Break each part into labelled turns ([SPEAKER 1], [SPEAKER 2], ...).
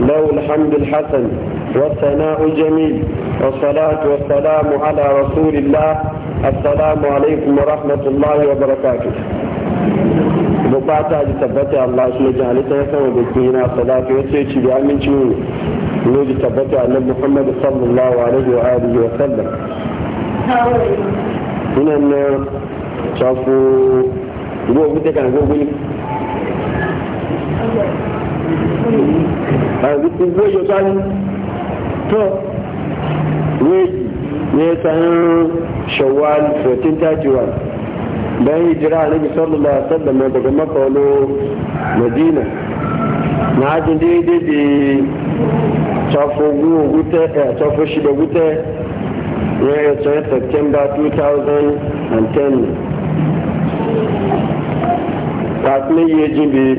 [SPEAKER 1] له الحمد الحسن والثناء الجميل والصلاة والسلام على رسول الله السلام عليكم ورحمة الله وبركاته bukata ji tabbata Allah shi ji halitta ya sama da kina salatu ya ce ci bi aminci ne ji tabbata annabi Muhammad sallallahu alaihi wa alihi wa sallam ina na chafu go gute kan go guni a gbogbo èyí ọ̀tá ni tó wéèjì ne ẹ̀sán ṣọ̀wọ́n 1431 bayan hijira a nabi sallallahu alaihi wasallam daga makawalo madina na hajjin daidai da tafo shida wuta ya yi tsaye september 2010 kafin yi jin biyu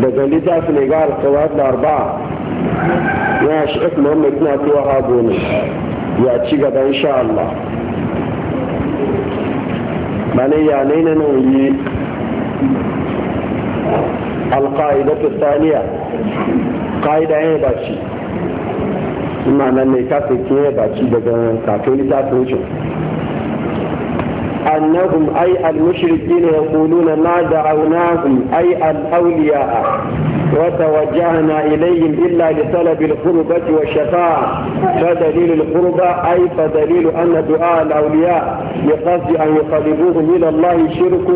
[SPEAKER 1] daga littafin ne ga alkawar da arba ya shi ɗin muhammad na tuwa a ne ya ci gaba insha Allah bane ya ne na nan yi ta saniya ƙa'ida ya ba ci ina nan ne kafin ya ba ci daga kafin littafin shi أنهم أي المشركين يقولون ما دعوناهم أي الأولياء وتوجهنا إليهم إلا لطلب القربة والشفاعة فدليل القربة أي فدليل أن دعاء الأولياء بقصد أن يقربوهم إلى الله شرك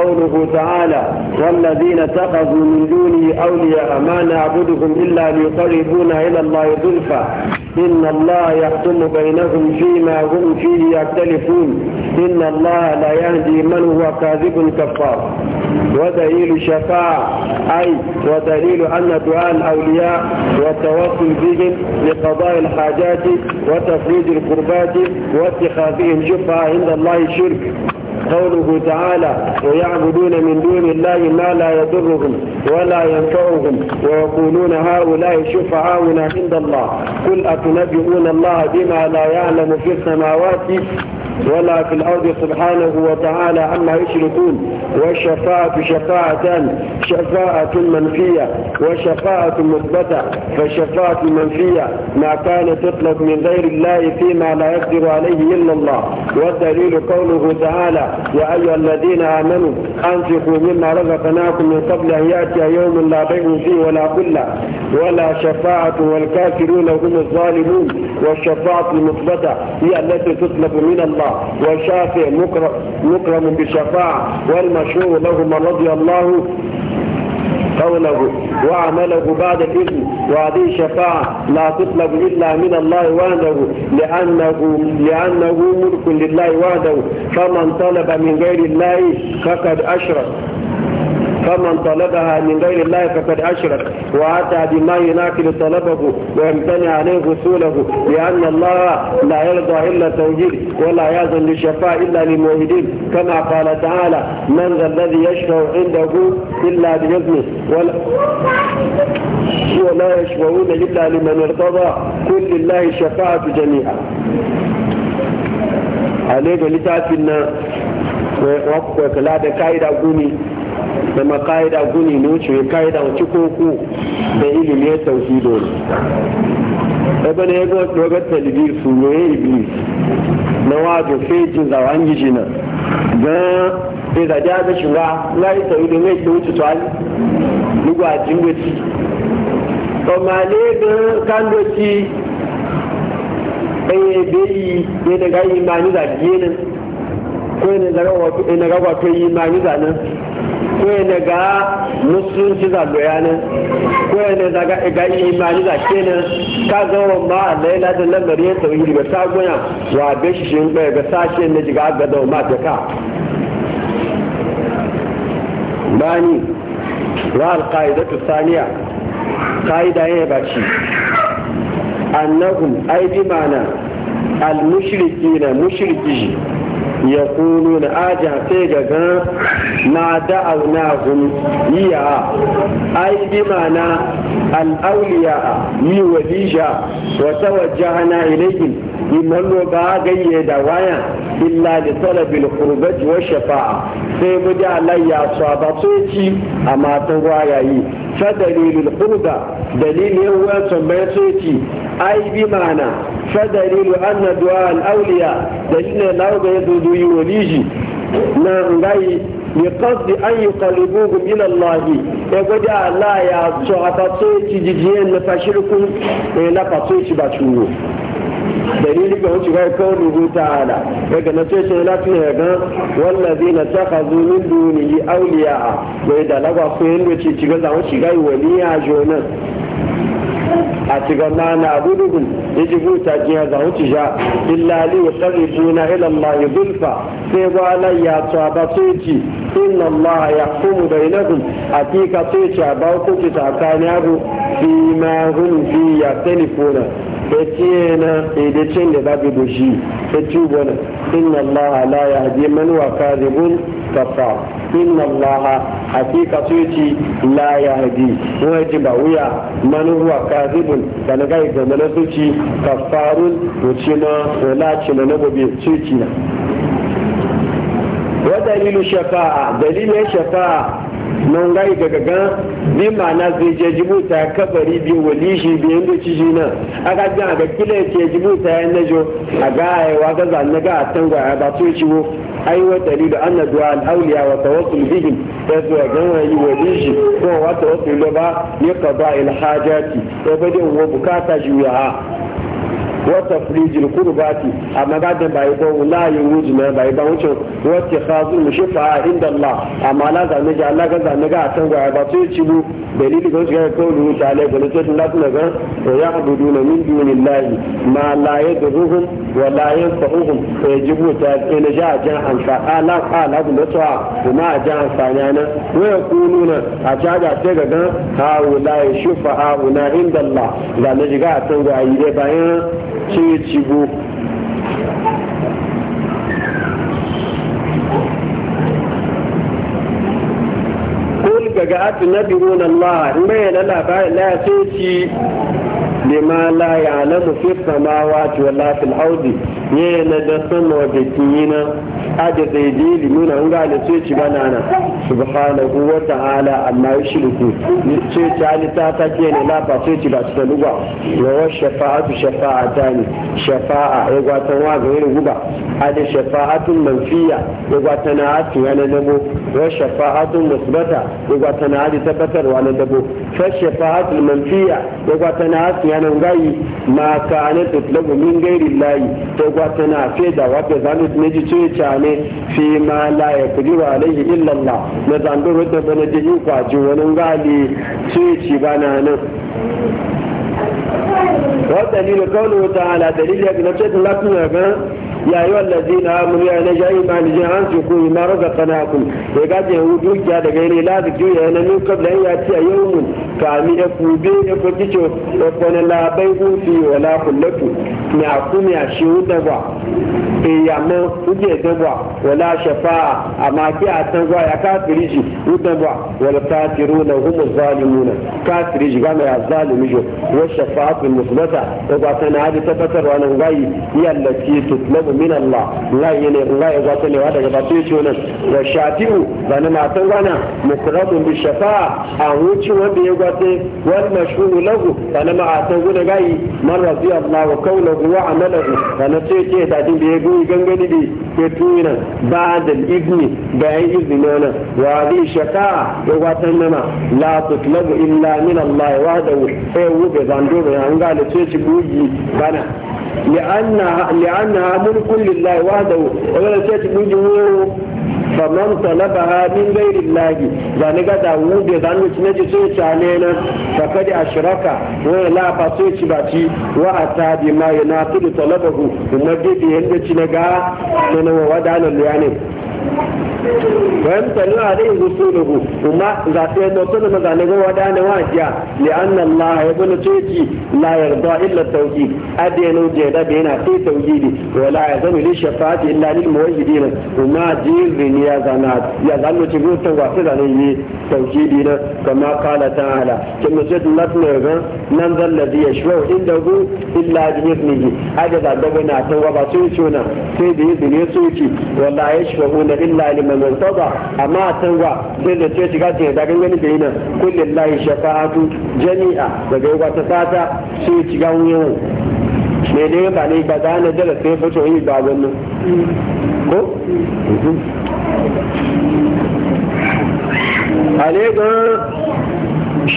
[SPEAKER 1] قوله تعالى والذين اتخذوا من دونه أولياء ما نعبدهم إلا ليقربونا إلى الله زلفى إن الله يحكم بينهم فيما هم فيه يختلفون إن الله لا يهدي من هو كاذب كفار ودليل الشفاعة أي ودليل أن دعاء الأولياء والتوكل بهم لقضاء الحاجات وتفريج القربات واتخاذهم شفعة عند الله شرك قوله تعالى ويعبدون من دون الله ما لا يضرهم ولا ينفعهم ويقولون هؤلاء شفعاؤنا عند الله قل أتنبئون الله بما لا يعلم في السماوات ولا في الأرض سبحانه وتعالى عما يشركون والشفاعة شفاعة شفاعة منفية وشفاعة مثبتة فالشفاعة المنفية ما كان تطلب من غير الله فيما لا يقدر عليه إلا الله والدليل قوله تعالى يا أيها الذين آمنوا أنفقوا مما رزقناكم من قبل أن يأتي يوم لا بيع فيه ولا قلة ولا شفاعة والكافرون هم الظالمون والشفاعة المثبتة هي التي تطلب من الله والشافع مكرم بشفاعة والمشهور له من رضي الله قوله وعمله بعد الإذن وهذه الشفاعة لا تطلب إلا من الله وحده لأنه, لأنه ملك لله وحده فمن طلب من غير الله فقد أشرك فمن طلبها من غير الله فقد أشرك وأتى بما يناكل طلبه ويمتنع عليه غسوله لأن الله لا يرضى إلا التوحيد ولا يأذن للشفاء إلا للموحدين كما قال تعالى من ذا الذي يشفع عنده إلا بإذنه ولا ولا يشفعون إلا لمن ارتضى كل الله الشفاعة جميعا عليه لتعفنا وقفك لا دكايدا قومي da ma ka'ida guni ne wuce ka'ida wuce koko da ilimi ya tauhido ne ebe na ego dogar talibir su ne iblis na wato fejin zawon gishi nan don sai da a da shiga na yi sauri da ne ke wuce tuwali lugu a jingoci ọmọ ne gan kandoci ɗaya bai ne daga imani da ginin ko ne daga wato imani da nan ko yana ga musulunci za doya nan ko za ga ga imani za ke nan ka zama ma Allah ya da lamari ya yi, ba ta goya wa be shi shin ba ga sashe na jiga ga da ma ta ka bani wa alqaidatu thaniya qaida ya baci annahum ai bi mana al mushrikina mushriki ya kunu na aja sai ga gan ma da'awnahum iya ai bi mana al-awliya yi walisha wa tawajjahna ilayhim imman roƙa gayye da waya illa da talabil qurbati wa shafa'a sai mu da alayya sabatoci a matan wayayi fa dalilul qurba dalilin wa sabatoci ai bi ma'ana fa dalilu anna du'a al awliya dalilin lawo ga yadda duyi waliji na ngai bi qasdi an yuqallibuhum ila allah e goda allah ya so so ti jijiyen na fashirku e la fato ci ba chuwo dalili ga wuce kai kawai rubuta ala daga na sai sai e ga wallazi na taka zumin duniyi auliya bai da lagwa ko yin da ci ci ga zawo ci gai waliya jonan a ciga na na gudun ya ji buta ya, za wuce sha illa li wa tarifuna ila Allah ya zulfa sai ba nan ya tsaba sai ci inna Allah ya kuma da inadun a tika sai ci a ba hukunci tsakanin abu fi ma hun fi ya فتي أنا إيدتين لباب بوشي فتوبنا ان الله لا يهدي من هو كاذب كفار ان الله حقيقه سيتي لا يهدي ويجب باويا من هو كاذب فنقاي زمن سيتي كفار وشنا ولا شنا نبوبي سيتينا ودليل الشفاعه دليل الشفاعه non gai daga ga bi mana zai je jibuta kabari bi wali shi bi yanda ciji shi nan aga ga ga kila ke jibuta ya najo aga ai wa ga zan ga tan ga ba to ciwo ai wa dalilu anna du'a al awliya wa tawassul bihim ta zo ga wani wali shi ko wa tawassul ba ya qada al hajati ko ba da wa bukata juya wata firijin kurbati a magadin bai ban layin wuji na bai ban wucin wata khazin mushifa a inda Allah amma la zane ga Allah ga zane ga a ga ba sai ci bu dalili ga shiga ko ru ta le ga sai da kuma ga ya abudu na min dunillahi ma la yadruhum wa la yanfa'uhum fa yajibu ta ila ja jan amsa ala ala da to kuma jan amsa na waya ne a caja sai ga ga ha wala shufa ha una inda Allah zane ga a yi gwaya bayan ce cigo kun gaga atu na biyu na Allah in bayyana labarin la ya ce ci lima la ya'lamu fi samawati wala fil ardi yana da sama da kiyina aje zai ji limuna an ga da ce ci banana subhanahu wa ta'ala amma yushriku ce ta ali ta ta ke ne la ba ce ci ba ta lugwa wa shafa'atu shafa'atani shafa'a ya gwatan wa ga yin guba aje shafa'atun manfiya ya gwatan a tiya na dabo wa shafa'atun musbata ya gwatan a tabbatarwa na dabo fa shafa'atul manfiya ya gwatan a yanan gayi ma ta tlabu min gairi layi to da tana da wata zanu ne ji ce ne fi ma la ya wa alaihi illa Allah na zanduru da bana ji kwa ji wani gali ce ci bana nan والدليل قوله تعالى دليل يقول شيخ الله يا أيها الذين آمنوا يا نجاي ما نجاي أنفقوا ما رزقناكم يقعد يهودوك يا دقيني لا تجوي أنا من قبل أن يأتي يوم كامل يفوبين يفتشوا يقول لا بيع فيه ولا خلة نعقوم يا شهود èyàmọ́ ojú ẹ̀dẹ́gbà wọlé aṣẹ̀fà àmà kí àtẹ́gbà yà káàkiri jì wúdẹ́gbà wọlé káàkiri wọn húmọ̀ zálìmù nà káàkiri jì gbàmẹ̀ yà zálìmù jù wọ́n ṣẹ̀fà àti mùsùlùmọ́tà ẹgbà sẹ́nà àti tẹ́fẹ́tẹ́ rọ̀ nà ngáyì yà lẹ́tì tutulọ́bù mí nàlá ngáyì ni ngáyì wà sẹ́nà wà dàgbà tó bani nà mùkúrọ́bù bí ṣẹ̀fà àwọn tí wọ́n bí yẹ wani wọ́n mọ̀ ṣùgbọ́n bani nà ngáyì mọ̀ rọ̀ bí àbúrò kọ́wọ́ lọ́gù wọ́n àmọ́ lọ́gù bani tó yi gangani da ke tunan ba da izini yan izini wani wa zai shaka ya watan nama la tutlabu illa min Allah wa da sai wuce zando mai an ga da ce ci bana li'anna li'anna mulkun lillahi wa da wala ce ci baman talabaha min ghairi llahi zani ga da wu da zanu cin ji sun chale na fakad ashraka wa la fa so ci baci wa atabi ma yunatu talabahu kuma dai da yanda ci na ga na wa wadanan تلو عليه رسوله وما ذات يدوتنا ما ذلك ودانا واجيا لأن الله يقول تيجي لا يرضى إلا التوحيد أدين وجيدا بينا في توحيدي ولا يزم للشفاعة إلا للموحدين وما جير يا زناد يا زنو تقول توحيد عليه توحيدنا كما قال تعالى كما سيد الله تنوغا ننظر الذي يشوه عنده إلا بإذنه أجد ذا دبنا توابا سويتونا سيد إذن يسويتي ولا يشوهون إلا لما A da المنتظر da تنوى سيدة تيتي قاتل يدقن من jami'a daga yi wata جميعا وقوة تساتا سيتي قوي mai ne ba ne ba zane jala sai fito yi ba wani ko? ale ga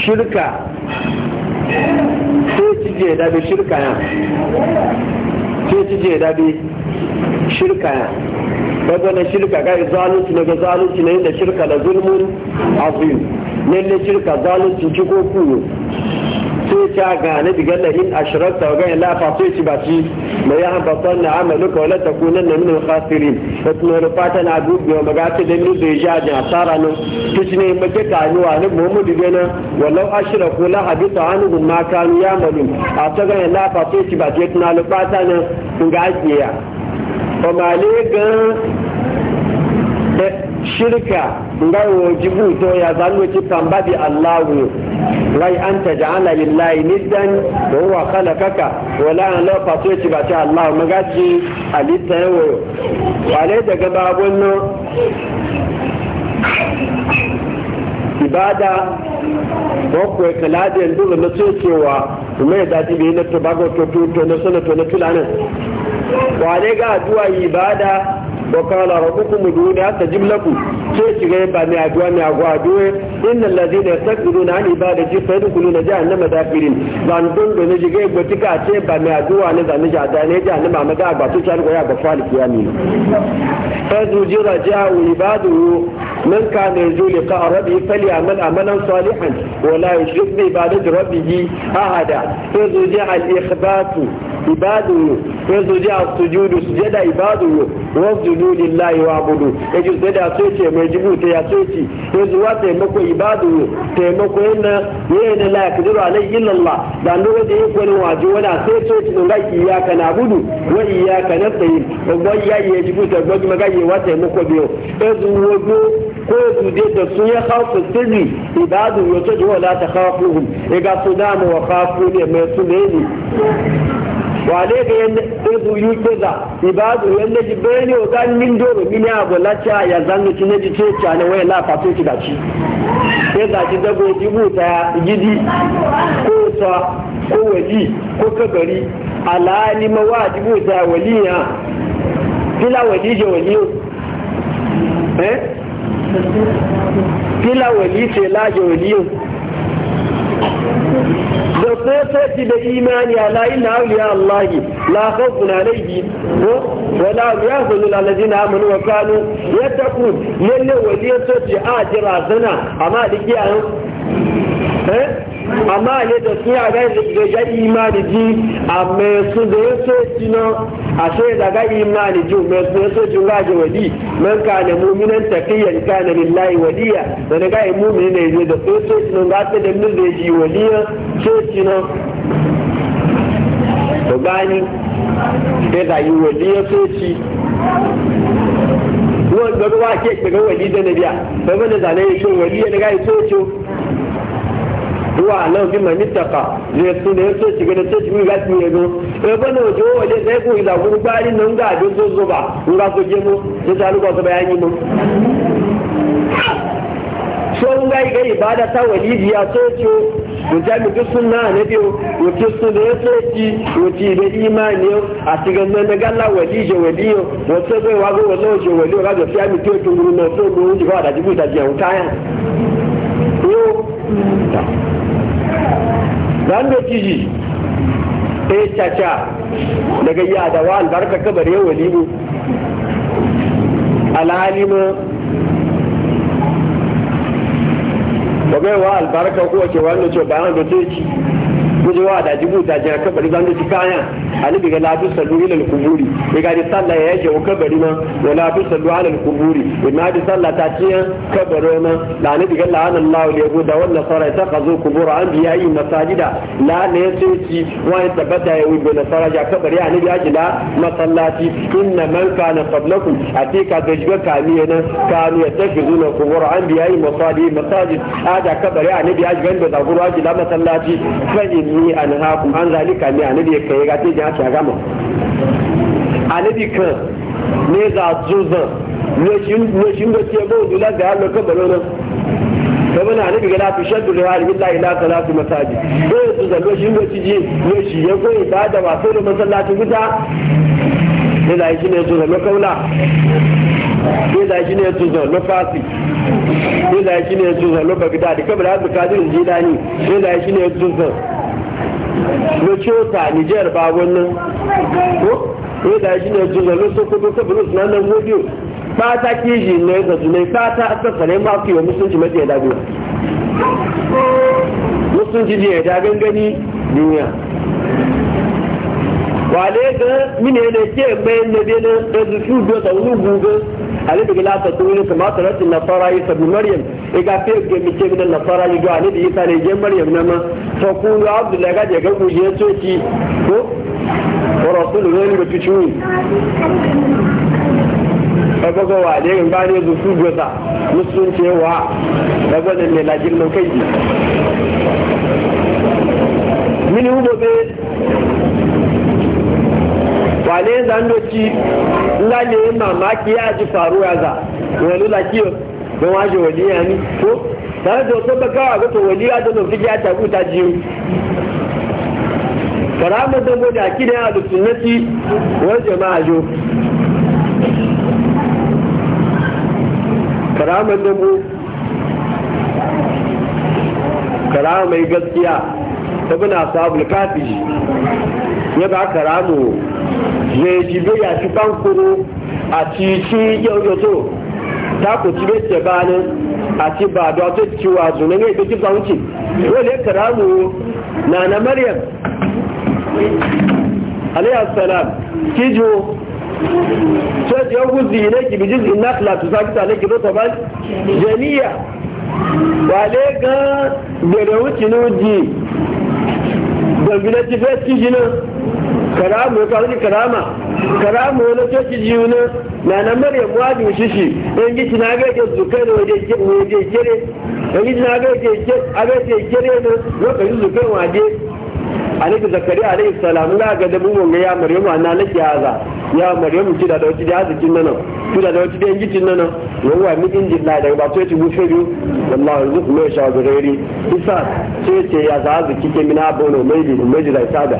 [SPEAKER 1] shirka sai cije dabe shirka ya sai da dabe shirka ya daga na shirka ga zalunci na ga zalunci na inda shirka da zulmun azim lalle shirka zalunci ci ko kuyo sai ta ga na diga da in ashirarta ga la fa sai ci baci mai ya habbatan na amalu ka wala takunan na min al khasirin da kuma rufata na dubi wa magata da ni da ja da asara nan ci ne mace ta ni wa mu muhammadu gana walau ashira ko la habita anhu ma kanu ya malum a ta ga la fa sai ci baci na rufata nan kun ga ya. ọmọlẹ́ ga shirka nga wajibu to ya zanu ci tamba bi Allahu rai an taj'ala lillahi niddan wa huwa khalaqaka wa la an la fatu ci ba ta Allah magaji alita yawo wale daga babun no ibada ko ko kala da yanzu da na cewa kuma ya dace bai na tobago to to na sana to na tulanin wane ga addu'a ibada wa qala rabbukum ud'uni astajib lakum sai shiga ba mai addu'a mai agwa addu'a innal ladina yastakbiruna an ibadati sayadkhuluna jahannama dakirin ban don don ne shiga ba tika ce ba mai addu'a ne zan ja da ne jahannama ma ga ba to ta ko ya ga fali kiyami fa zujira ja'u ibadu man kana yarju liqa rabbi falyamal amalan salihan wa la yushrik bi ibadati rabbihi ahada fa zujira al ikhbatu ibaduhu yanzu ji a sujudu sujada ibaduhu wasjudu lillahi wa abudu yaji sujada so ce mai jibu ta ya so ci yanzu wa taimako ibaduhu taimako yana yana la yakdiru alayhi illa Allah da nuru da yake wani waje a sai so ci ga iyyaka na'budu wa iyyaka nasta'in wa iyyaka yajibu ta gwaji magaye wa taimako biyo yi wodo ko zuje da su ya khawfu sirri ibadu yato wala takhafuhum ya ga su dama wa khafuni mai su ne wale ga yan ezu yu keza ibadu yan naji bayani o kan min doro min ya go lacha ya zanni ci naji ce cha ne wai la fato ci gaci keza ci dago ji buta gidi ko ta ko wali ko kabari alali mawajibu ta waliya kila wali je waliyo eh kila wali ce la je waliyo sosoci da imaniya la inna allahi la khawfun alayhi ko wala yahzunu alladhina amanu wa kanu yattaqun lalle waliyatu ajra zana amma dikiyan eh amma ne da sun yaga ga imani ji a mai su da ya so ci na a sai da ga imani ji mai su ya so ci ga ji wadi man ka ne mu'minan taqiyan ka ne lillahi wadiya da ga mu'mini ne ne da so so ci na ga ta da mun da ji wadiya so ci na to gani da da yi wadiya so ci ruwan gaba ke daga wali da nabiya bai mana zane ya ce waliya na ga ya so ci wa nan bi mani tafa ne su ne so shiga da so shiga ga tiye go e ba no jo wale sai ko ila guru bari nan ga do so so ba ko jemu da talu ko bayani mu so nga ga ibada ta walidiya so ce mutane duk ne biyo wuce su ne so ci wuce da imani a cikin nan na galla wali je wali yo wato bai wago wato je wali ga ga fiya mi to na so go wuce ba da jibu da ta. yo zan da kiji e eh, caca daga yadawa albarka kabar yau walimu alalima ba wa albarka kowace wani ce bayan da ce ci gujewa da jibu da jira kabari zan ci kaya ani biga la tu sallu ila al-quburi biga di sallah ya je kabari ma wala tu sallu ala al-quburi inna di sallah ta ci kabaro ma da ni biga la an Allah ya guda wala sara ta qazu qubur anbiya'i masajida la ne sai ci wa ya tabbata ya wuce na sara ja kabari ani biya jila masallati inna man kana qablakum atika da jiga kamiya nan kanu ya tafizuna qubur anbiya'i masajid masajid ada kabari ani biya jiga da qubur ajila masallati fa ni inni anhaakum an zalika ni anabi kai ga te jan shaga mu anabi kan ne za zuzan ne shin ne shin da ke bo dula da Allah ka balo nan kamar anabi ga lafi shaddu da hali billahi ila salatu masaji ko zuzan ne shin da ci ji ne shi ya koyi ba da ba sai da masallaci guda ne da shi ne zuzan ne kaula ne da shi ne zuzan ne fasi sai da shi ne tuzon na bagdad kamar abu kadir jilani sai da shi ne tuzon na cota nijar ba wannan ko da shi ne zuwa na sokoto ta bulus na nan godiyo ba ta kiji ne ga junai ba ta asasare ma ku yi musulunci mafi ya dago musulunci ne ya dagan gani duniya wale ga mine ne ke mai na bene da su da alidi bila ta tuni su ma na fara yi sabu maryam e ga fe ke mi ce na fara yi ga alidi isa ne je maryam na ma ku kulu abdullahi ga je ga ku je so ki ko ko rasulu ne ne tuci tuni ba ga ga wale in ba ne go sa musun ce wa ba ga ne lajin mun kai mini hubo be wane zandoci lale mamaki ya ji faruwa za wani lakiyo don waje ya ni ko tare da wasu bakawa ga to waliya da nufi ya tagu ta jiyo karamar dango da akidan a sunnati wani jama'a jo karamar dango karamar mai gaskiya ta bina sabu kafi ya ba karamu rèéjì lórí àti pánkóró àti tí yẹ́wọ́ tó tako ci bai ce bani a ci ba da wata ciwa zunan ya ɗauki karamu na maryam alayhi salam kijo ce ce yau guzi ne ki bijin zinna klatu za ki tale ki rota ban jamiya wale ga da da wuce ne wuce gwamnati fes kijinin karamu ya kawo ni karama karamu wani coci jiyu na na na maryam wadu shishi ɗan gici na ga ke zukai da waje kere ɗan gici na ga ke kere na lokacin zukai waje alaihi Zakari alaihi salam na ga dabu wanga ya maryamu na ke haza ya maryamu kida da dauki da hazikin nan kida da dauki da yankin nan yawa mi injin na da ba to ci gufiru wallahi yanzu kuma ya shawo gairi isa ce ce ya za haziki ke mina bono mai da mai da sada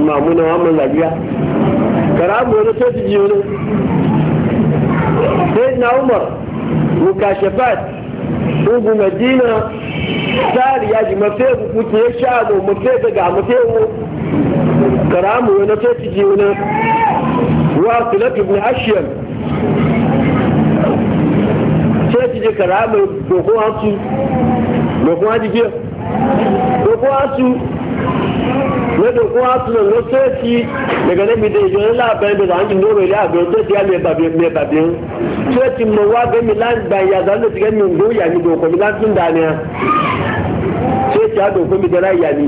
[SPEAKER 1] ìmàmú náà wọ́n mọ̀ làbíyá kàràbù wọn tó ti jìun sayyidina umar mukashafat ugu madina tsari ya ji mafe ya mafe daga mafe wo wani ta ji wani wa filat ibn ashiyar ta ci lọ́dọ̀ kó wá tún lọ sẹ́ẹ̀tì gẹ̀gẹ́ níbi tẹ ìjọ ńlá abẹ́rẹ́ bẹ̀rẹ̀ àwọn ìjìnlẹ̀ òwe ilé àgbẹ̀ sẹ́ẹ̀tì àmì ẹ̀bàbí ẹ̀mí ẹ̀bàbí ń sẹ́ẹ̀tì mọ̀ wá gẹ́mi láǹgbà ìyàtọ̀ ló ti gẹ́mi ìgbó ìyàmì ìdòkò mi láti ń dání à sẹ́ẹ̀tì àdòkò mi dẹ́rẹ́ ìyàmì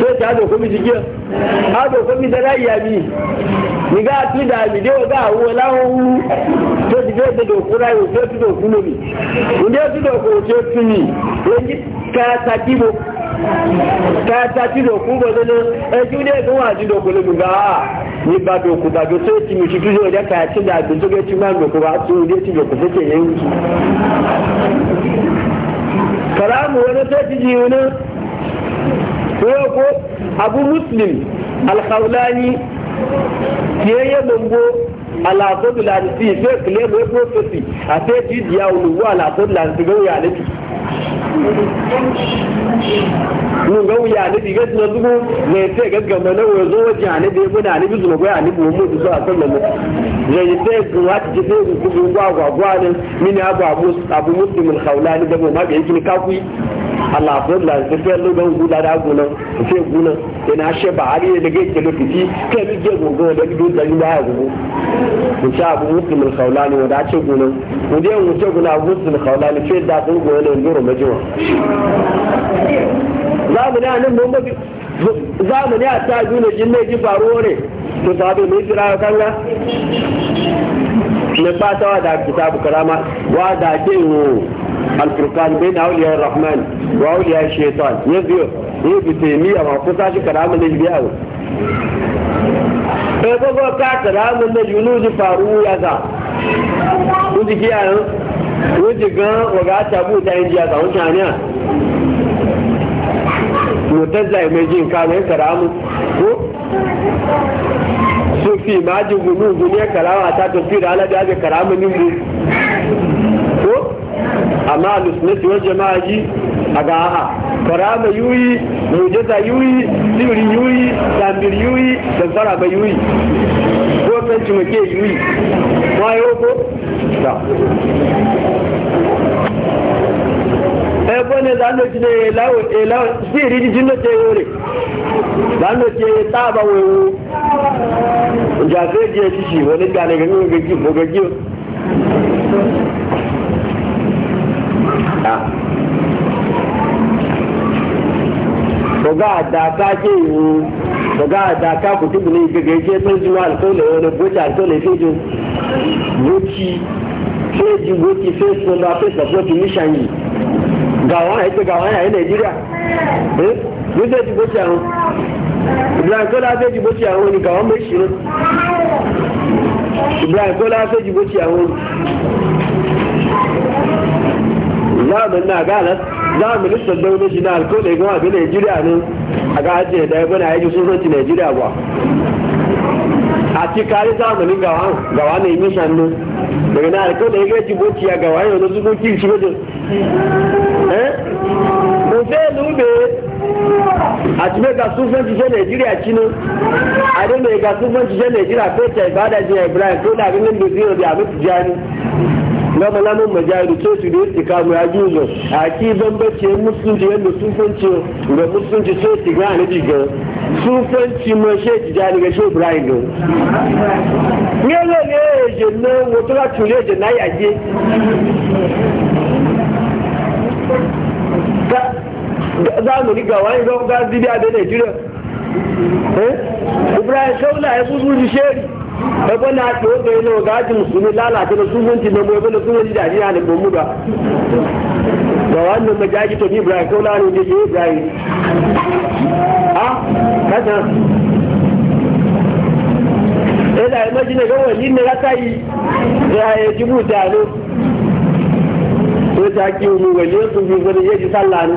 [SPEAKER 1] sẹ́ẹ̀tì mi ti jẹ́ àdòkò mi dẹ́rẹ́ ìyàmì nígbà tí dàbí dé ọgá àwọn ọláwọn wú tó ti dé ìdè òkú ráyò tó ti dòkú lómi ìdè òkú lómi ò ti tún mi káàtà tí lò kú bọ̀ sọ́nà ẹjú ní ẹ̀kọ́ wà sí lòkú lòkú bá wà ní bàbá òkú bàbá tó ti mú ṣùgbọ́n ní ọjà káàtì dàgbé tó gẹ́ tí máa lòkú wá tó ilé tí lòkú fẹ́kẹ̀ yẹn wù. kàlámù wọn tó ti di wọn wọ́n kó abu muslim alkhawlani kiyayye gbogbo alaafo bilansi fẹ́ kílẹ̀ mọ́ ẹ́ pọ́fẹ́sì àti ẹ̀ ti di àwọn olùwọ́ alaafo bilansi gbọ́wọ́ mun ga wuya ne diga na zugu ne te gaggama na wazo waje ne da yabo da alibi zuma goya alibi mu mu zuwa sallan mu ne yi te guwa ji te gugu gwa gwa gwa ne min abu abu abu muslimul khawlani da mu ma ga yake ka kakui Allah ko la ko fe lo gula da guna ko fe guna she ba ari da ge ke lo ke mi ge gogo da du da ni ba gogo ko sha abu muslim al khawlani wa da ce guna ko de mu ce guna abu muslim al khawlani fe da ko go ne ndoro majiwa za mu da nan mun ba za mu a ta guna jinne ji faruwa ne to sabe mai jira kanga na ba ta wada kitabu karama wada da ke wo alfurkan bai na auliyar rahman wa auliyar shaitan ya biyo ya bi taimiyya ma kusa shi karama na biya wo ɗaya gwagwa ka karama na yunuji faru ya za kuji kiyayen kuji gan waga tabu ta yin jiya tsawon shaniya mutar zai mai jin kama ya karamu ko sufi ma ji gunu ya karawa ta tafi da da ya karama min mu ko amma alusunnati wal jama'a ji a ga aha karama yuyi mujaza yuyi sirri yuyi tambir yuyi zanzara ba yuyi ko fenci muke yuyi ma yo ko ta ẹgbọ́nẹ̀ lánàá e lè láwọn sí ìrírí jínlọ́tẹ̀ ewé rẹ̀ lánàá ta ba wẹ̀wọ̀ jàdé díẹ̀ ṣíṣì wọ́n ní gbàlẹ̀ gẹ́gẹ́ gẹ́gẹ́ gẹ́gẹ́ ọ̀gá àdàká jẹ́ ìwò ọ̀gá àdàká kò tóbi ní gẹ́gẹ́ jẹ́ pẹ́jú àlùkọ́lẹ̀ ọ̀rẹ́ bóta àlùkọ́lẹ̀ fẹ́jọ bóti fẹ́jù bóti fẹ́sì nọmba fẹ́sì ọ̀pọ̀tì níṣàn yìí gàwọn àìpẹ́ gàwọn ibrahim tó láfẹ́ jìbó àwọn oníkà wọ́n méjì ibrahim tó láfẹ́ jìbó àwọn zamanin na gana zamanin saddau na shi na alkolai gama ga nigeria ne a gajin da ya bana yaji sun sanci nigeria ba a ci gawa gawa ne yi shannu daga na alkolai ga gawa yau na zuko kirshi àti mẹ́ta súnfún ti ṣe nàìjíríà chinu àdémẹ́ta súnfún ti ṣe nàìjíríà fẹ́ẹ̀tẹ̀ ìbádàjì ibrahim tó dàbí nínú sí òde àbẹ́tìjá ni gama lamun majalu to su da yake kamu ya juzo a ki bambance musulunci yadda sufanci ga musulunci so ti ga ni ga sufanci ma she ti jani ga she ibrahim do ne ne ne je ne wato la tule je nayi aje za mu riga wani ga ga zibi a da Nigeria eh Ibrahim Kaula ya buzu ji sheri da bana to ga yana ga ji musulmi lalata da sununci da mu da sununci da jiya da mu da ga wannan majaji to Ibrahim Kaula ne ah, eh, da Ibrahim ha kada ila imaji ne ga wani ne ka yi ya yi jibuta ne ko ta kiwo wani yanzu bi wani yaji sallah ne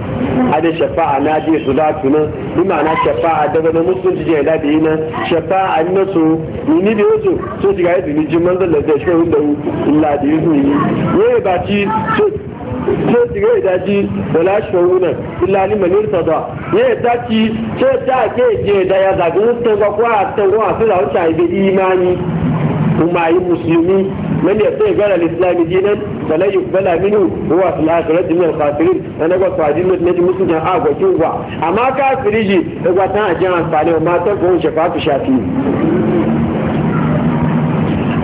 [SPEAKER 1] ada shafa'a na je su za su nan ni ma'ana shafa'a daga na musulunci je da yi nan shafa'a na su ni ni da yoso so shiga yadda ni jin manzan da zai shiga wanda illa da yi su yi ne ba ci so so shiga yadda ji da lashe wuna illa ni manir sada ne yadda ci so ta ke je da ya zaga wutan ga kwa tan ruwa su da wuta ibe imani kuma yi musulmi man ya sai gara islami dinan فلا يقبل منه هو في الآخرة من الخاسرين أنا قلت فاجين نتنجي مسلم آه وكيوبا أما كافريجي هو تنجي عن صالح وما تنفعون شفاعة شافين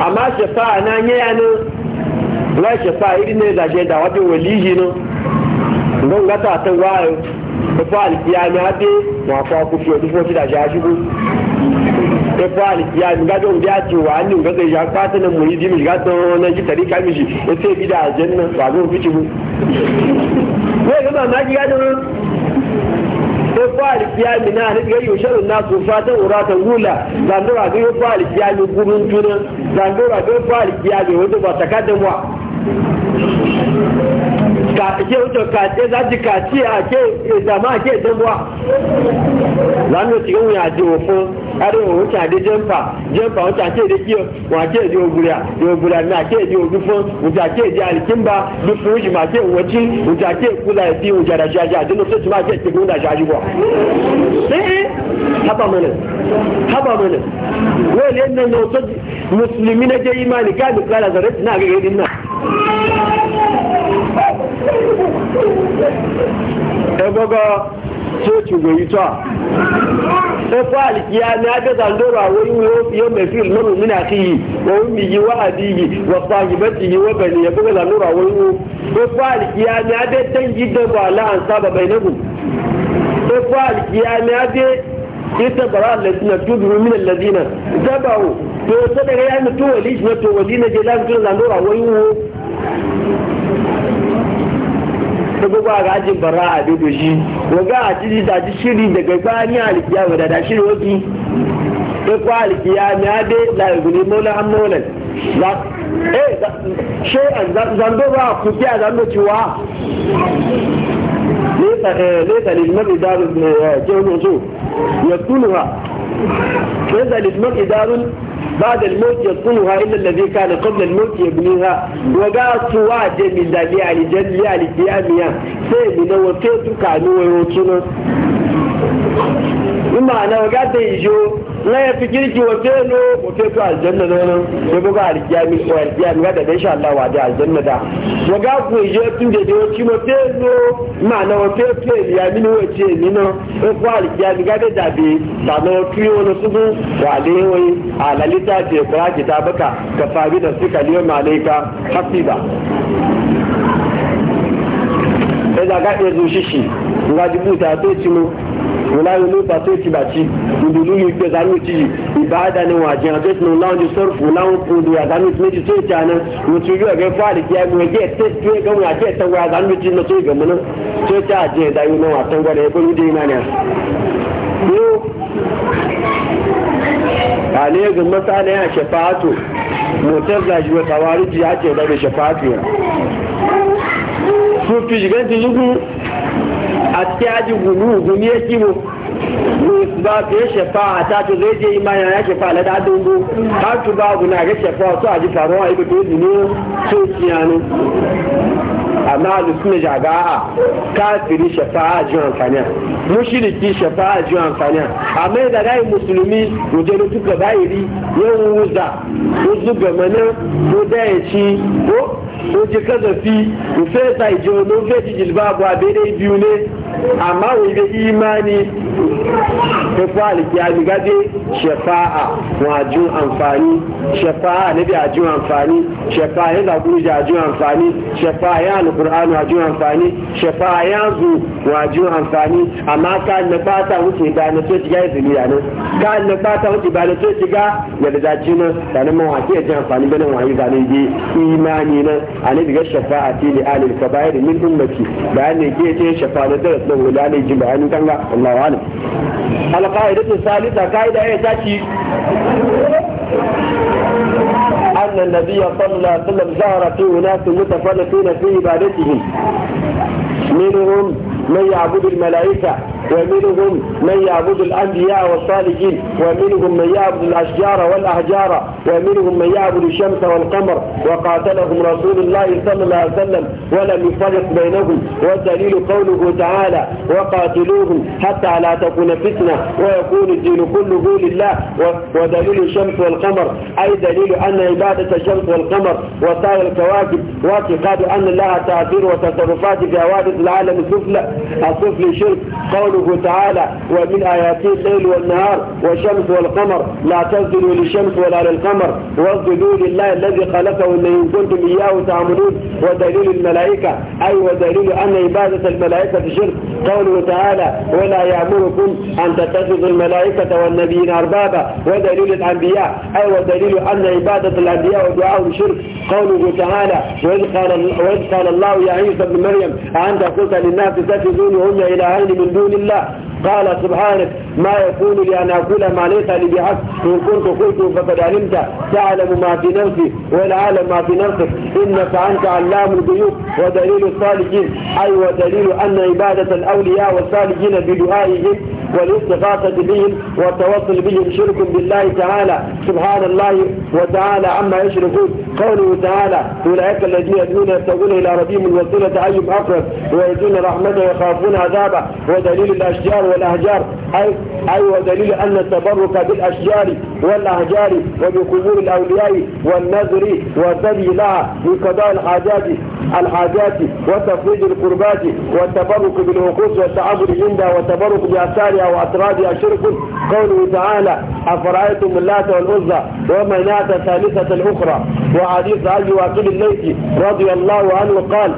[SPEAKER 1] amma shafa'a na yaya nan la shafa'a irin ne zaje da wata waliyi nan don gata ta wayo ta fa alkiyami hade a ẹ̀fọ́ àlìkíyà ìgbàjọ́ òde àti wà á ní nǹkan tó ìyá pátá náà mòyí dí mi ìgbà tó náà jí tẹ̀lé ká mi jì ètò ìbí dà àjẹ́ náà wà ló fi tìbú. wọ́n ìlú màmá mi fa mi ka ke wuce kace za ji kaci a ke e, zama ke lami o ti cikin wuya ji ofo arewa wuce ade jempa jempa wuce ake da kiyo wa ke ji ogura da ogura na ke ji ogufo wuce ake ji alkimba dufu wuce ma ke wuce wuce ake kula fi wuce da jaji a jini sai tuma ke ke gunda jaji ba sai haba mana haba mana wani yannan na wasu musulmi na je imani ka dukkan da zarar na ga irin nan ẹgbọ́gọ́ tí ó ṣùgbọ́n yìí tọ́ ẹfọ́ àlìkíyà ní adẹ́sàndọ́rọ̀ àwọn ìwé yóò mẹ́fì lọ́rùn mí náà kí yìí òun mi yí wá àdí yìí wọ́pá yìí wọ́n bẹ̀rẹ̀ yẹn fún àwọn ìwé ní adẹ́tẹ́yìí ní min ya na na gbogbo àga ajin bara àdodo yìí wọ́gá àti a ti ṣírí ìdẹ̀gbẹ̀gbá ní àlìkíyà wọ̀dàdà ṣírí ó kí pípa a zando ba a mọ́lá a zando zandora kùkí àzánú ti wá lẹ́sà lè ne ìdárò jẹ́ olóòtú yẹ kúlù ha lẹ́sà lè mọ́ ìdárò بعد الموت يصونها إلا الذي كان قبل الموت يبنيها وقال سوا من دالي على جلي يعني على قيامها سيدنا وسيتك عنه ويوتنا in ma'ana ga da ijo na ya fi girki wace no wace to aljanna no nan sai buga aljami ko aljami ga da insha Allah wa da aljanna da waga ku ijo tun da dio ci wace no ma'ana wace to ya min wace ni no ko ku aljami ga da dabe da no tuyo no su wa le wai alalita ce kura kitabaka ka fabi da suka liyo malaika hasiba Eza ga ɗaya zuwa ta ce wọláyé ló bá tó ti ìdùnnú yìí ti ni wọn àjẹyàn tó sinú láwọn ti sọrọ méjì tó wọn ti ẹgbẹ ẹgbẹ tẹ tó ẹgbẹ wọn ti lọ tó ìgbẹmọ náà tó àjẹ ẹdá yìí náà ẹgbẹ ni à. da shafa'atu ya su a cikin aji gulu gumi ya ba su ya shafa'a ta to zai je imani ya shafa'a na dadin bu tu babu na ga su a ji faruwa to amma a kafiri shafa'a ji amfani shafa'a ji amfani amma rai musulmi wajen tuka bayiri yau wuza wuzu gamanin ko dayaci ko ko no biyu ne amma wai imani ko alkiyami gaje shafa'a wa ju amfani shafa'a ne bi ju amfani shafa'a ya zaguruji ju amfani shafa'a ya alkur'ani ju amfani shafa'a ya zu wa ju amfani amma ka ne ba ta wuce da ne so ji ga izini ya ne ka ne ba ta wuce ba da to shiga ya da dace nan sanin man wa ke ji amfani ganin wahayi ba ne ji imani nan a ne daga shafa'a ti li alil kabair min ummati bayan ne ke ce shafa'a da daras nan wala ne ji bayanin kanga Allahu alim alqaidatu salisa kaida ya tace أن النبي صلى الله عليه وسلم ظهر في أناس متفرقين في عبادتهم منهم من يعبد الملائكة ومنهم من يعبد الأنبياء والصالحين ومنهم من يعبد الأشجار والأحجار ومنهم من يعبد الشمس والقمر وقاتلهم رسول الله صلى الله عليه وسلم ولم يفرق بينهم والدليل قوله تعالى وقاتلوهم حتى لا تكون فتنة ويكون الدين كله لله ودليل الشمس والقمر أي دليل أن عبادة الشمس والقمر وسائر الكواكب واعتقاد أن لها تأثير وتصرفات في العالم السفلى السفلى شرك قول قوله تعالى ومن آياته الليل والنهار والشمس والقمر لا تزدلوا للشمس ولا للقمر واسجدوا لله الذي خلقه إن كنتم إياه تعملون ودليل الملائكة أي ودليل أن عبادة الملائكة شرك قوله تعالى ولا يأمركم أن تتخذوا الملائكة والنبيين أربابا ودليل الأنبياء أي ودليل أن عبادة الأنبياء ودعاهم شرك قوله تعالى وإذ قال الله يا عيسى ابن مريم أنت قلت للناس إلى إلهين من دون الله الله قال سبحانك ما يكون لي أن أقول ما ليس لي بحق إن كنت قلت فقد علمت تعلم ما في نفسي ولا أعلم ما في نفسك إنك أنت علام الغيوب ودليل الصالحين أي أيوة ودليل أن عبادة الأولياء والصالحين بدعائهم والاستغاثة بهم والتوصل بهم شرك بالله تعالى سبحان الله وتعالى عما يشركون قوله تعالى أولئك الذين يدعون يبتغون إلى ربهم الوسيلة أيهم أقرب ويدعون رحمته ويخافون عذابه ودليل الأشجار والأهجار أي, أي ودليل أن التبرك بالأشجار والأحجار وبقبور الأولياء والنذر والذبي لها بقضاء الحاجات الحاجات وتفريج القربات والتبرك بالوقوف والتعبد عندها والتبرك بآثارها واسرارها شرك قوله تعالى أفرأيتم اللات والعزى ومناة ثالثة الأخرى وحديث أبي واكيل الليثي رضي الله عنه قال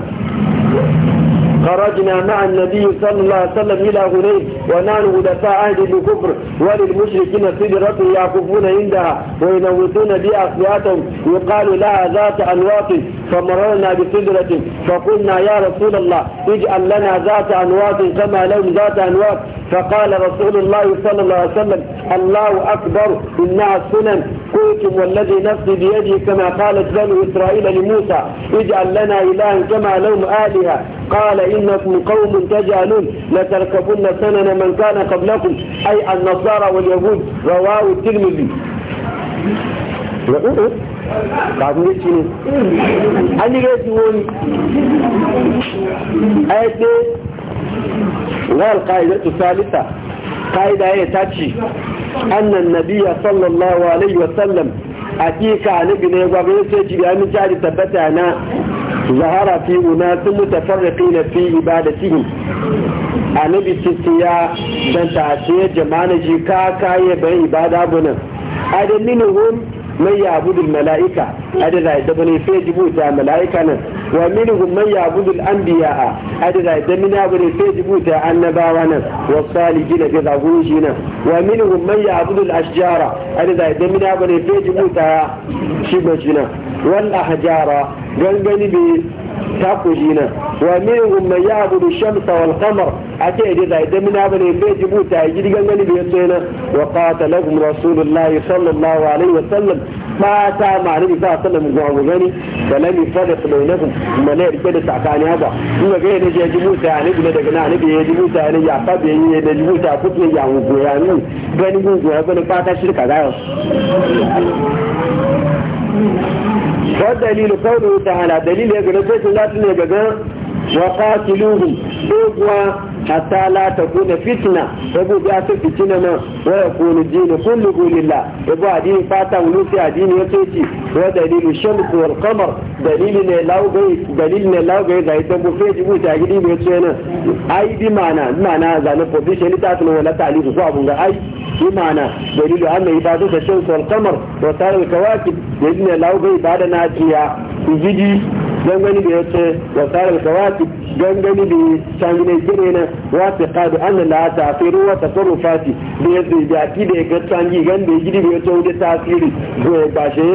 [SPEAKER 1] خرجنا مع النبي صلى الله عليه وسلم إلى هنيف ونحن هدفاء عهد الكفر وللمشركين سدرة يعقبون عندها بها بأصواتهم يقال لها ذات أنواط فمررنا بسدرة فقلنا يا رسول الله اجعل لنا ذات أنواط كما لهم ذات أنواط فقال رسول الله صلى الله عليه وسلم الله أكبر إنها السنن قلتم والذي نفسي بيده كما قالت بنو إسرائيل لموسى اجعل لنا إلها كما لهم آلهة قال إنكم قوم تجعلون لتركبن سنن من كان قبلكم أي النصارى واليهود رواه الترمذي babu ya ce an yi gaji wani a yake wal qa'idatu salisa qa'ida ya tace annan nabiyya sallallahu alaihi wa sallam hakika annabi ne gwaba ya ce jibi amin jari tabbata na zahara fi unasin mutafarriqina fi ibadatihim annabi tisiya dan ta ce jama'a ji ka kaye bai ibada bunan adan minhum man ya'budu al-mala'ika adada da bane sai jibu ta mala'ika nan wa minhum man ya'budu al-anbiya'a adada da mina bane sai jibu ta annabawa nan wa salihina ga zagushi nan wa minhum man ya'budu al-ashjara ta shi gangani bi tako jina wa minhum man ya'budu shamsa wal qamar ake da zai da mina bane bai jibuta yi gidan gani bai yaso yana wa qatalahum rasulullahi sallallahu alaihi wa sallam ma ta ma ni ba sallam gwa gani da kalam yafadq bainakum man yarke da sakani haka kuma ga yana je jibuta ne da daga nan ne ya buta ne ya fa bai ne da ji buta ku kuke ya mu goya ni gani goya bane fata shirka ga yau wa dalilu qawluhu ta'ala dalil ya ga sai sun lati hatta la ta kuna fitna sabu ya ta fitina na wa ya kunu dini kullu gulilla ibu adini fata wulusi adini ya soci wa dalilu shamsu wal qamar dalili ne laugai dalili ne laugai da ita bu feji bu ta gidi ne ce na ai bi mana mana zanu position ta tuna wala talibu so abun ga ai bi mana dalilu anna ibadu da shamsu wal qamar wa taral kawakib dalili ne laugai ibada na jiya gidi gangani da ya ce wa taral kawakib gangani da tangine gire na واعتقاد أن لا تأثير وتصرفاتي بيدي بيأتي بيقتان جيغان بيجري بيتو دي تأثير تأثيري باشي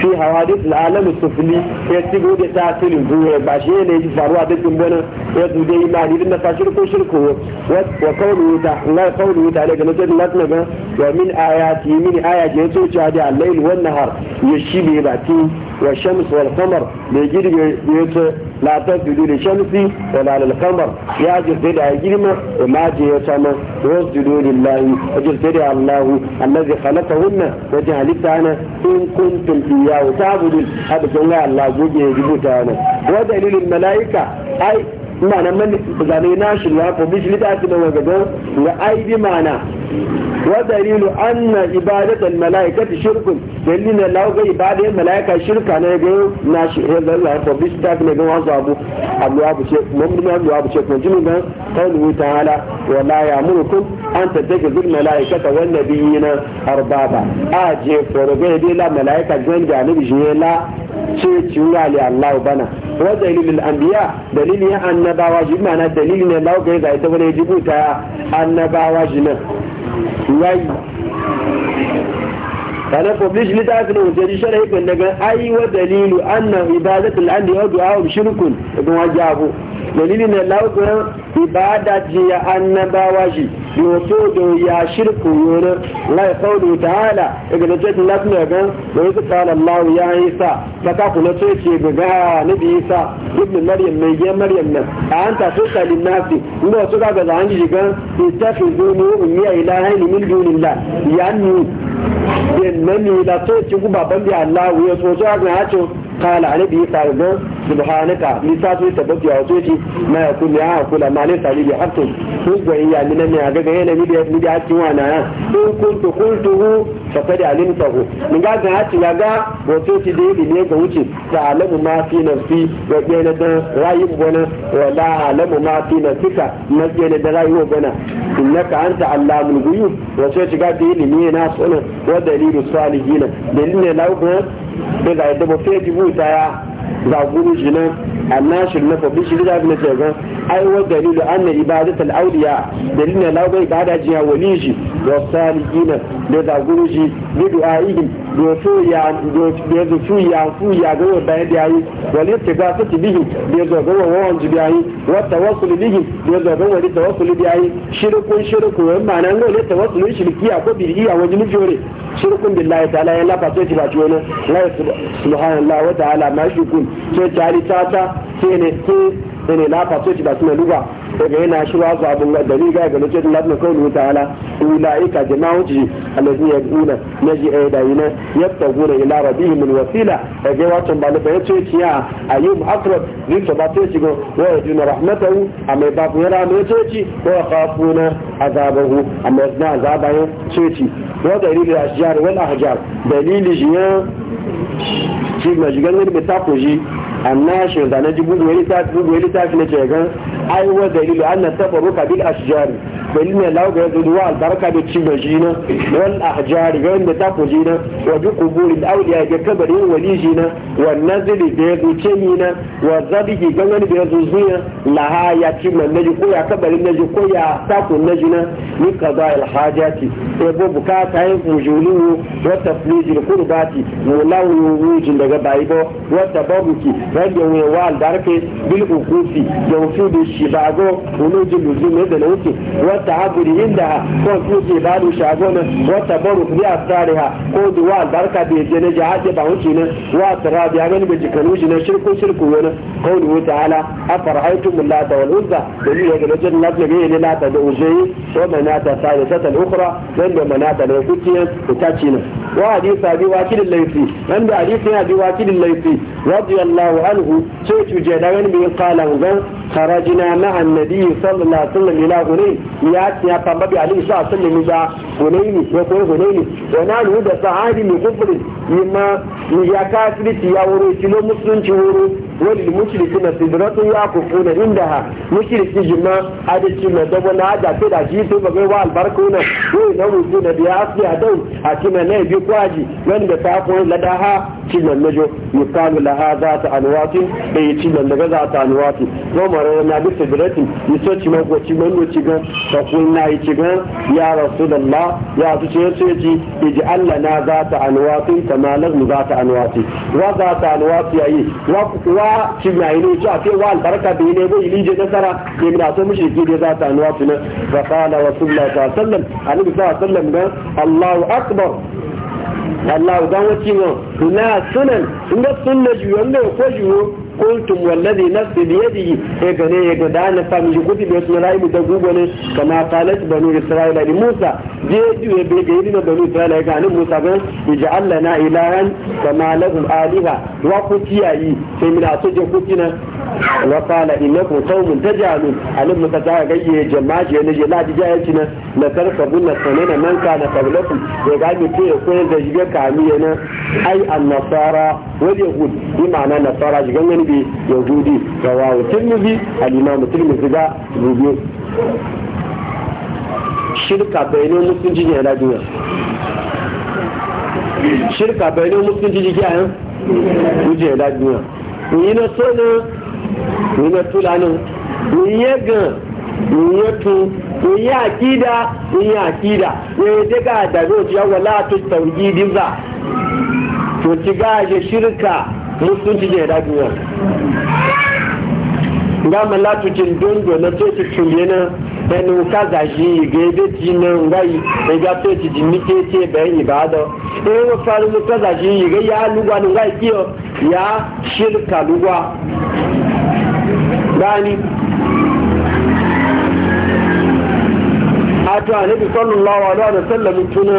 [SPEAKER 1] في حوادث العالم السفلي يتبو دي تأثير تأثيري باشي يجي فاروا دي تنبونا يتبو دي إيماني لنا كوشل شركو وقوله تعالى قوله تعالى نجد لتنا ومن آياتي من آياتي يتوجه على الليل والنهار يشي بيباتي والشمس والقمر بيجري بيوتو لا تبدو للشمس ولا للقمر يا ya da ya girma da maje ya sama wasu judo lillahi ya jirfe da allahu allazi halaka hunna waje halitta na in kuntum iyahu ta'budun hada kun ga allah goge ya rubuta na wa dalilin malaika ai ma'ana man zane na shi la ko bi shi ta ci da wagaga ga ai bi ma'ana ودليل أن إبادة الملائكة شرك دليل لو غي إبادة الملائكة شرك أنا يقول ناشي هذا الله فبيش تاك نجو عصابه أبو أبو شيخ ممن أبو أبو شيخ مجنون قوله تعالى ولا يأمركم أن تتخذوا الملائكة والنبيين أربابا آجي فرغي دي لا ملائكة جنب جانب جيلا شيء تشوالي الله بنا ودليل الأنبياء دليل أن النبا واجب دليل لو غي زي تبني أن النبا واجب yayi kana publish litafin wajen shari'a kan daga ai wa dalilu anna ibadatu al-andi wa du'a shirkun ibn wajabu dalilin ne lawuran ibada ji ya annabawa shi yoto do ya shirku yoro la qawlu ta'ala daga da cikin lafiya ga da yake qala Allah ya Isa saka kula ce ce ga nabi Isa ibn Maryam mai ge Maryam nan anta tusalin nasi inda suka ga zan ji ga ita fi dunu ya ilahi min dunillah yani yẹn mani na tó cikin babban bàbá bí aláwọ̀ yẹn tó a ya ce قال علي به فارغان سبحانك لساتو تبكي وتوتي ما يقول لي ها كل ما ليس لي بحق كنت يا من انا يا غا هنا ميديا ميديا اكي وانا ان كنت قلته فقد علمته من غا غا اكي غا وتوتي دي دي ne ga wuce ta alamu ma fi nafsi ga gane da rayu gona wala alamu ma fi nafsika na gane da rayu gona innaka anta allamul ghuyub wa sai shiga da ilimi na sunan wa dalilu salihin dalilin lawo sai ga yadda ba sai jibuta ya ga guru shi nan annashir na fabi shi da na tegan ai wa dalilu anna ibadatul awliya dalilin lawa ibada jiya wani shi wa salihin da ga guru shi doso ya doso su ya su ya ga wa bayan da yayi wani ta ga su bihi da ya zoga wa wawan ji yayi wa tawassul bihi da ya zoga wa tawassul da yayi shirkun shirku wa ma'ana ne ne tawassul shirki ya ko bid'a wajen mujore shirkun billahi ta'ala ya lafa sai ci ba ci wani la subhanallah wa ta'ala ma shukun tari ta sai ne sai ne lafa sai ci ba su ne luga daga yana shi wa su abin da riga ga lokacin da na kawai wuta ala ula'ika jama'u ji alazi ya guna na ji eh a yadayi na yadda guna ila rabihi min wasila da ga watan balifa ya ce ciya a yi mu'akrab zai ba sai shiga wa ya juna rahmatahu a mai babu ya rama ya ce ci wa ya kafu na azabahu a mai na azaba ya ce ci wa dalilin ashjar wal ahjar dalilin shi ya shi ma shigar wani mai amma shi da na ji bugu wani ta bugu wani ta na ce gan ai wa dalilu anna tabarruka bil ashjar dalil ne lawo ga albarka da ci gaji na wal ahjar ga inda ta kuji na wa bi quburil awliya ga kabarin wali ji na wa nazli da zuce ni na wa zabihi ga wani da zuzuya laha ya ci man naji ko ya kabari naji ko ya ta kun naji na ni qada al hajati e bo bukata yin fujulu wa taflijil qurbati mu lawu wujin daga bayi bo wa rage wewa albarfe bil ukufi da wasu da shi ne da wata haburi inda ha ko su ke babu shago na wata ha ko duwa albarka da je ne wa gani bai shi shirku shirku wani kawai wa ta'ala afarhaitum lata wal da ni daga wajen lafiya ne ne lata da uzai wa manata salisata al-ukhra wanda manata da kuciya ta ce ne wa hadisa bi wakilin bi wakilin laifi radiyallahu عنه سيت جدعان بي قال ان خرجنا مع النبي صلى الله عليه وسلم الى هنين يات يا طبب عليه الصلاه والسلام الى هنين وكو هنين ونال هدى سعاد من كفر يما يا كافر يا وري كيلو مسلم ورو وللمشركين سدرة يقفون عندها مشرك جماعة هذا الشيء دبنا هذا كده شيء تبغى والبركونة وينوزون بأصلها دون أكيد ما نبي كواجي من بتاعه لداها شيء نجو يقال لها ذات أنواع da ya ci nan daga za ta ni wato no mara na bi sidrati ni so ci man goci man goci ga ta kun na yi ci ga ya rasulullah ya su ce su ci iji Allah na za ta ta kama mu za ta wato wa za ta wato yayi wa wa ci na yi ne ci a ce wa albarka yi ne bai ilije nasara ke mina so mushriki da za ta wato na fa qala rasulullah sallallahu alaihi wasallam annabi alaihi wasallam ga Allahu akbar Allah dan wati kuna na sunan inda sunna juyo ne ko juyo kuntum wallazi nafsi biyadihi e gane ya ga dana fam ji gudi da sunan ayi da gugone kama qalat banu isra'ila li musa je ji be ga yin banu isra'ila ga nan musa ga ij'al lana ilahan kama lahum aliha wa kutiyayi sai mina so je kutina wa qala innakum qaumun tajalu alim musa ta ga ye jama'a je ne je ladi jayaci na la tarkabunna sanana man kana qablakum ya ga mi te ko da jiga kamiya na ai an nasara wal yahud bi ma'ana nasara jigan yahudi yahudi rawahu tirmidhi al-imam tirmidhi ga rubu shirka bayanin musulunci ne na duniya shirka bayanin musulunci ne yan kuje na duniya yi na so ne yi na tulanin yi ya gan yi ya tu yi ya akida yi ya akida yi daga da zo ciyawa la tu tauhidin za to ci gaje shirka musulunci ne da duniya nga mala tutin dondo na to ti tumye na enu ka ga ji ti na nga yi e ga to ti jimi te te be yi ba do e wo faru mu ka ga ya lugwa wa nga yi ya shirka lugwa wa gani ato anabi sallallahu alaihi wasallam tuna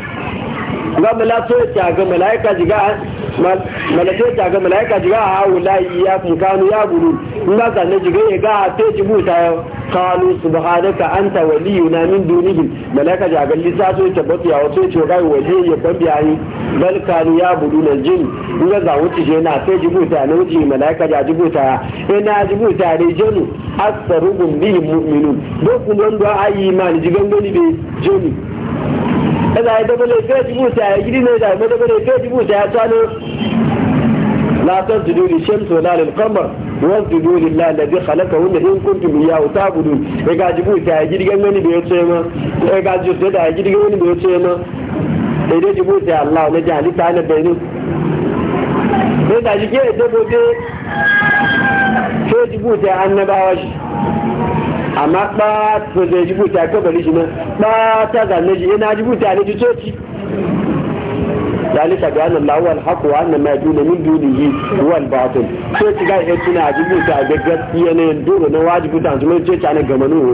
[SPEAKER 1] ga malato ya ga malaika jiga malato ya ga malaika jiga ha wallahi ya kun kanu ya buru in ga zanne jiga ya ga te jibu ta qalu subhanaka anta waliyuna min dunihim malaika jiga ga lisato ya tabbata ya wato ce ga wali ya ban biyayi bal kanu ya buru na jin in ga wuce je na te jibu ta ne wuce malaika jiga jibu ta ina e jibu ta ne jinu asarubun bihim mu'minun dokun wanda ayi imani jigan gani be jinu ẹgbà ẹ̀dọ́gbẹ̀lẹ̀ fẹ́ẹ̀dì mùsà ẹ̀gírí mẹ́ta ẹ̀mẹ́dọ́gbẹ̀lẹ̀ fẹ́ẹ̀dì mùsà ẹ̀tọ́nù látọ́ dùdú ní ṣẹ́mùsù láàrin kọ́mọ̀ wọ́n dùdú ní lálẹ́bí xalẹ́kọ̀ ya ní kóńtù ìyá ọ̀tá àbùdù ẹ̀gà jùbù ìta ẹ̀gírí gẹ́gẹ́ ya ètò ẹ̀mọ́ ẹ̀gà ya ìta ẹ̀gírí gẹ́gẹ́ níbi ètò ẹ̀mọ́ èdè jùbù ìta àlá ọ̀nẹ́jà àlítà ẹ̀ bẹ̀rù. ẹ̀gà jùbù ìta ẹ̀dẹ́gbẹ̀dẹ́ fẹ́ẹ̀dì jùbù ìta annabawa amma ba to da jibuti a kabari shi nan ba ta zane shi yana jibuti a ne coci ذلك بأن الله هو الحق وأن ما دون من دونه هو الباطل شو تجا يتنا عجيب تعبد يعني دور نواجب تعمل شو تجا نجمنه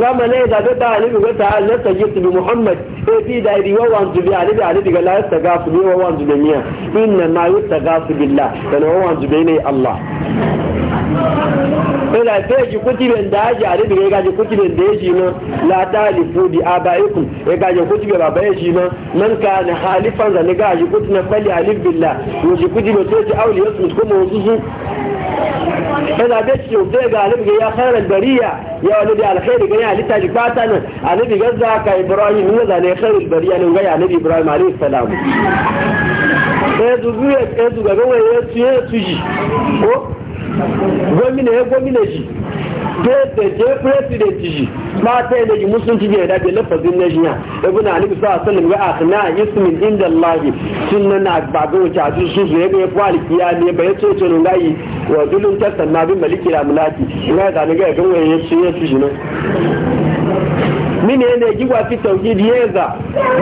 [SPEAKER 1] لما لا يزال تعلم وتعالى لا تجد بمحمد في دائري وان جبي علي علي قال لا يستغاث بي وان جبي إنما يستغاث بالله فأنا وان جبي الله ina sai ji kutibin da ya ji a da ya gaji kutibin da ya ji nan la ta lifu di abaikum ya gaji ba ba ya ji nan man ka na halifan zane gaji kutibin fali halif billah ya ji kutibin sai ji auli ya sun kuma wasu su ina da ci yau ga halif ya kharar bariya ya wani da alkhairi gani halitta ji fata nan annabi gazza ka ibrahim ne zane kharar bariya ne ga nabi ibrahim alaihi salam ezu zuwa ezu ga wani ya tuye tuji ko gómìnà ẹ gómìnà jì pẹ́ẹ̀tẹ̀ jẹ́ pẹ́ẹ̀tìdẹ̀ntì jì máa tẹ́ẹ̀lẹ̀ jì musulunci jẹ́ ìdájẹ́ lẹ́fẹ̀ẹ́ nẹ́jìyàn ẹgbẹ́ náà níbi sáà sẹ́lẹ̀ wẹ́ àkànná yíṣùmí ìndẹ̀láyì tún nánà a òjò àti ṣùṣù ẹgbẹ́ fún ní ẹgbẹ́ yẹn tó tó náà bí mẹ́lìkì ràmìláàtì ìgbà ìdánigẹ́ ẹ̀gbẹ́ wẹ̀ ne fi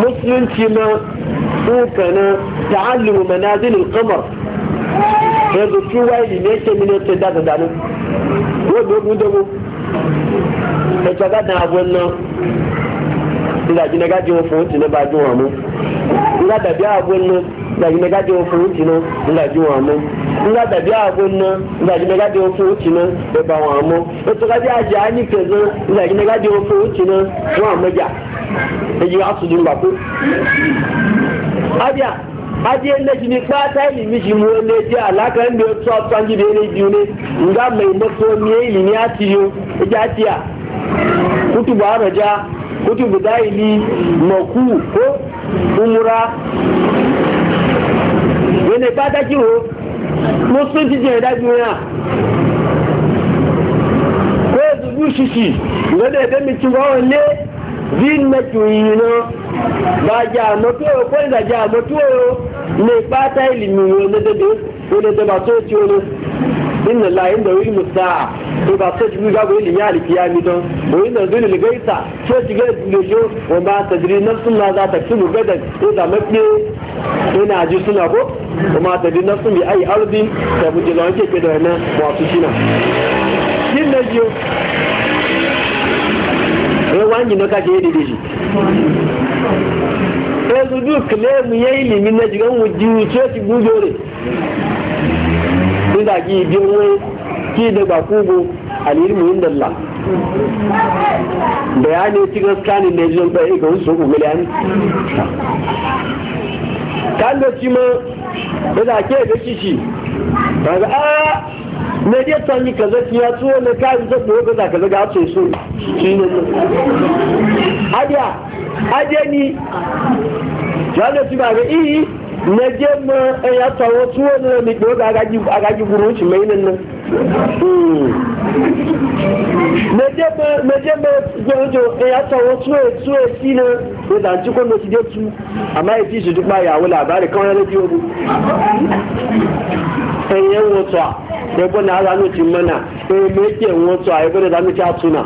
[SPEAKER 1] musulunci ma kuka na ta'allumu yanzu tuwa ili ne ke mine ke da dadanin ko dogon dogo da tsaga da abun nan ila ji na gaji wofin wuce na bajin wa mu ila da biya abun nan ila ji na gaji wofin wuce ji wa mu da biya abun nan ila ji na gaji wofin wuce na da ba wa mu ita gaji a ji an yi kazo ila ji na gaji wofin wa mu ji asu ba ku aje ne shi ne fata ilimi shi mu ne je alaka ne to tsan ji ne biyu ne nga mai maso ne ilimi yo tiyo ja ya kutu ba raja kutu budaili maku ko umura ne fata ki ho musu ji je da duniya ko zubu shishi ngade da mi ci ne bin na kiyoyi na ba ja mato ko da ja mato ne fata ilimi yo na dade ko da ba so ci wani inna la inda wani musa ko ba so ci ga wani ya alkiya mi don ko inda zulul gaita so ci ga dojo wa ba tadri nafsun la za ta kibu gadan ko da mabbe ina ji suna ko kuma tadri nafsun bi ai ardin ta buje lan ke ke da na wa su shina kin da jiyo wani na kaje yadda da shi sai su duk mu ya yi limin na jigan wujiyu ce su gujo ne inda ki biyo wai ki da ba kugo alilmu inda Allah bayani ci gaskiya ne da jiran ga wasu kuma da kan da ci ma da ke da shi shi ba a na je ta yi kaza ki ya tsuwa na kayan da wa gaza kaza ga so so shi ne Aja, adiya ni ya da ci ba ga iyi na je ma eh, ya tsawo tsuwa na mai ɗo ga agaji buru shi mai nan nan na hmm. je ma na je ma eh, ya tsawo tsuwa tsuwa shi ne ci ko kwanu su je su amma ya fi shi duk ba ya wula ba da kawai na biyo ẹ̀yẹ ń a à ẹgbọ́n náà ránú ti mọ́nà ẹ̀yẹ méjì ń wọ́tọ̀ à ẹgbọ́n náà ránú ti àtúnà.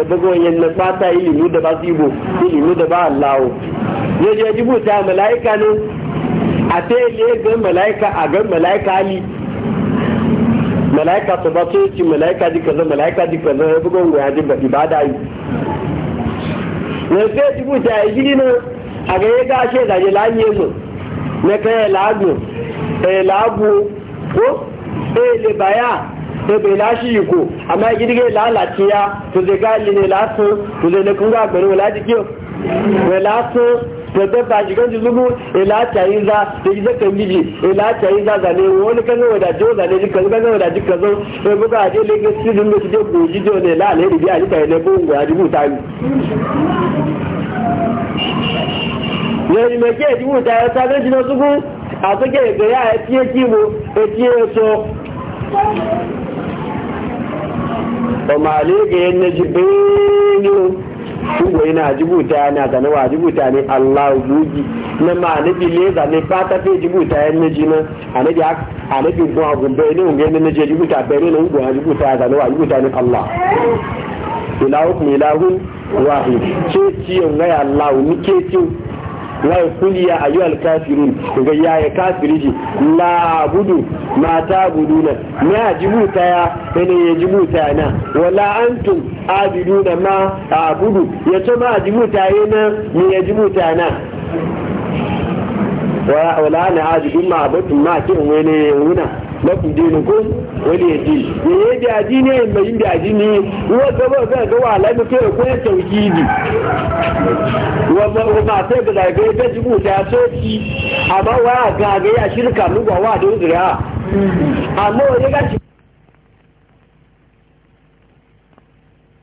[SPEAKER 1] ẹgbọ́n yẹn na pátá ìlú daba sí ibò ìlú daba àláwò. yẹjẹ jìbùtà mẹláìka ni àti ilé gan mẹláìka àgán mẹláìka ali mẹláìka tó bá tó ti mẹláìka di kẹsàn mẹláìka di kẹsàn ẹgbọ́n wọ̀ adé ìbádá yìí. wọ́n fẹ́ jìbùtà ìjì nínú àgẹ́yẹ́ká ṣe ìdàjẹ́ nẹ́kẹ́ ẹ̀láàgùn ẹ̀láàbù ó èlè báyà ta láṣí ìkò àmá ìgídígé láàlàtí ya tó zẹ gáàlì ní lásán tó zẹ lè kúngbà pẹ̀lú láti kí o yi lásán pẹ̀lú fàṣíkọ́ ti lúgbù ìlàtí àyíza tẹjíṣẹ́kẹ̀ méjì ìlàtí àyíza zàlẹ̀ wọn ní kẹ́gbẹ̀ wọ̀dájí ó zàlẹ̀ kan kẹ́gbẹ̀ wọ̀dájí kan sọ ẹgbẹ́gbẹ́ àdé lẹ́gbẹ́ sílùú méjì dé gbòòjíjọ́ ní láàlẹ́ ìdí àyíká ẹ̀lẹ́gbẹ́ òǹgbò àdìgbò táyì lẹ́yìn mẹ́kẹ́ ìdíwò ìdáyọ̀ tá lé súnkú àtúnkẹ́ ìgbéyà ẹtí ẹtí mo ẹtí ẹsọ ọmọ Allah gugi na ma nabi leza ne fata ne ke wai kuliya a yiwal kafirun ga yi kafiri ji labudu mata budu na na a ji ta ya ne ya ji ta na wala antum abidu na ma abudu ya ce ma ji ta ya na ne ya ji ta na wala na ajibu ma abatun ma kin wani wuna mafi dini ko wani ya ji ne ya ne mai yin aji ne wa gaba ga ga wa la mu ke ko ya tauki ni wa ma ma ga da ga ta jibu ta so amma wa ga ga shirka wa wa da amma wani